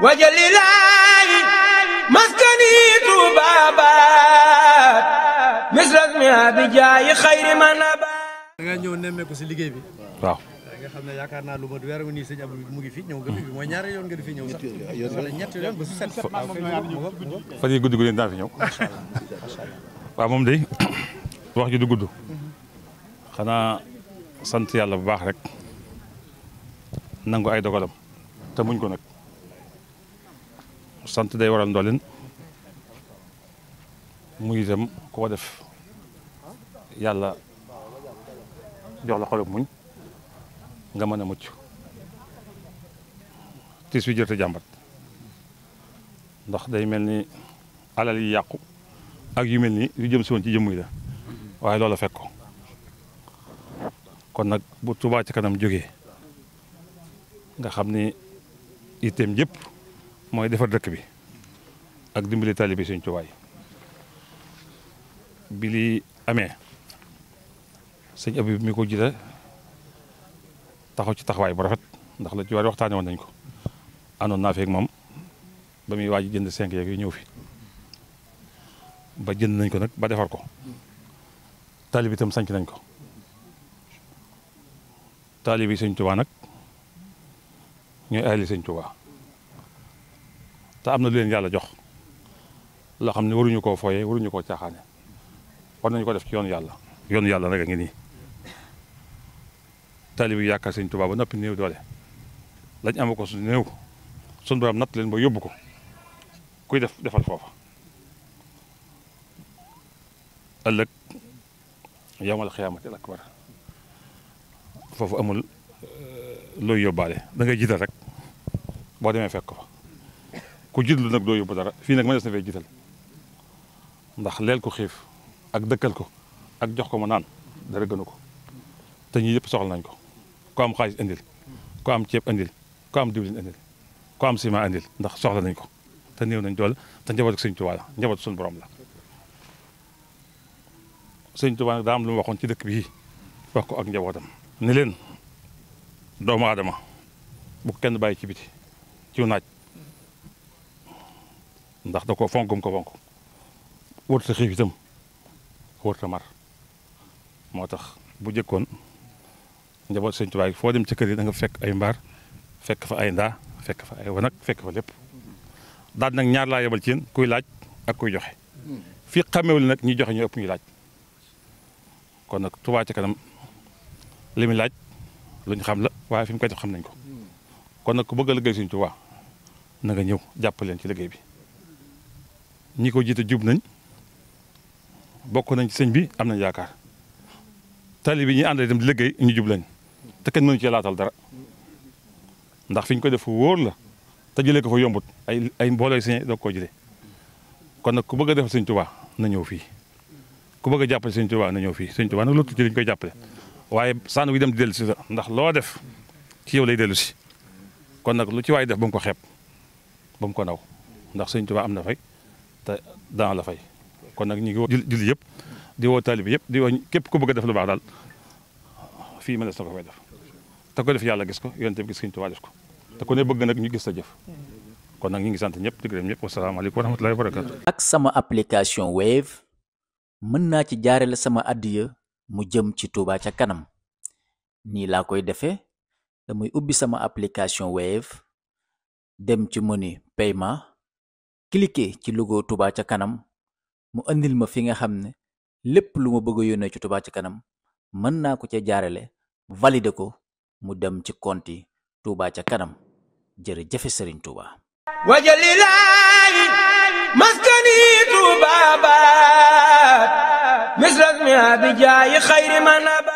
wajalilaayi maskani Tuubaa baat misras mi abijaayi xayri man abaat liggéey bi waaw xam ne yaakaar naa lu mat mu ngi fi ñëw nga fi mooy ñaari yoon nga di fi ñëw sax fan yi guddi guddi daan fi ñëw waaw moom day wax ji du gudd xanaa sant yàlla bu baax rek nangu ay dogalam te muñ ko nag sant day waral ndooleen muy itam koo def yàlla jox la muñ nga mën a mucc tiis wi jërte jàmbat ndax day mel ni alal yi yàqu ak yu mel ni yu jëm si woon ci jëmm yi la waaye loola fekk ko kon nag bu Touba ci kanam jóge nga xam ni itteem yëpp mooy defar dëkk bi ak dimbali taalibe Sëñ Tuubaa yi bi amee sëñ Abib mi ko jiite taxaw ci taxawaay bu rafet ndax la ci war waxtaane woon nañ ko àndoon naa feeg moom ba muy waaj jënd cinq yeeg yu ñëw fi ba jënd nañ ko nag ba defar ko taalib itam sanc nañ ko taalib yi sëñ nag ñooy ahli sëñ Tuubaa te am na lu leen yàlla jox loo xam ne waruñu koo fooyee waruñu koo caaxaane war nañu ko def ci yoon yàlla yoon yàlla rek a ngi nii taalib yi yaakaar sëñ Tuubaa ba noppi néew doole lañ am ko su néew suñ borom natt leen ba yóbbu ko kuy def defal foofa ëllëg yawmal xiyaamati al akbar foofu amul eh, looy yóbbaale dangay jiital rek boo demee fekk ko fa ku jiitlu nag doo yóbbu dara fii nag ma des na fee jiital ko xiif ak dëkkal ko ak jox ko mu naan dara ko te ñii yëpp soxla nañ ko ku am xaalis indil ku am ceeb indil ku am diwlin indil ku am ciment indil ndax soxla nañ ko te néew nañ doole te njaboot ak sëñ Tuubaa la njaboot suñu borom la sëñ Tuubaa nag daa am lu mu waxoon ci dëkk bii wax ko ak njabootam ni leen doomu adama bu kenn bàyyi ci biti ci naaj ndax da ko fonkum ko fonk wërta xiif itam wërta mar moo tax bu jëkkoon njaboot sëñ Tuubaa foo dem ci kër yi danga fekk ay mbaar fekk fa ay ndaa fekk fa ay wanag fekk fa lépp daal nag ñaar laa yebal ci yéen kuy laaj ak kuy joxe fii xamewul nag ñi joxe ñu ëpp ñuy laaj kon nag tubaa ci kanam li muy laaj lu xam la waaye fi mu koy def xam nañ ko kon nag ku bëgg a liggéey sëñ Tuubaa na nga ñëw jàppaleen ci liggéey bi ñi ko jiite jub nañ bokk nañ ci sëñ bi am nañ yaakaar tali bi ñuy àndale dem di ñu jub lañ te kenn mënu ci laatal dara ndax fi ñu ko def wóor la te jëlee ko fa yombut ay ay mbooloo sëñ doog koo jëlee kon nag ku bëgg a defal sëñ na ñëw fii ku bëgg a jàppale sëñ Tuubaa na ñëw fii sëñ Tuubaa nag loolu ci lañ koy jàppale waaye saan wi dem di dellu si la ndax loo def ci yow lay dellu si kon nag lu ci waay def ba mu ko xeeb ba mu ko naw ndax sëñ Tuubaa am na fay te dana la fay kon nag ñu ngi woo julli yëpp di woo taalibi yëpp di woo képp ku bëgg a def lu baax daal fii ma des na ko fay def te ko def yàlla gis ko yonent bi gis Sëriñ Tuubaa te ku bëgg nag ñu gis sa jëf kon nag ñu ngi sant ñëpp di gërëm ñëpp wasalaamaaleykum wa rahmatullahi wa ak sama application Wave naa ci jaarale sama addiya mu jëm ci Touba ca kanam nii laa koy defee damay ubbi sama application Wave dem ci menu paiement cliquer ci logo Touba ca kanam mu andil ma fi nga xam ne lépp lu ma bëgg a ci Touba ca kanam mën naa ko ce jaarale valider ko mu dem ci konti Touba ca kanam jërëjëf Serigne Touba. wajalilaayi maskani Touba baat misras mi abijaayi xayri man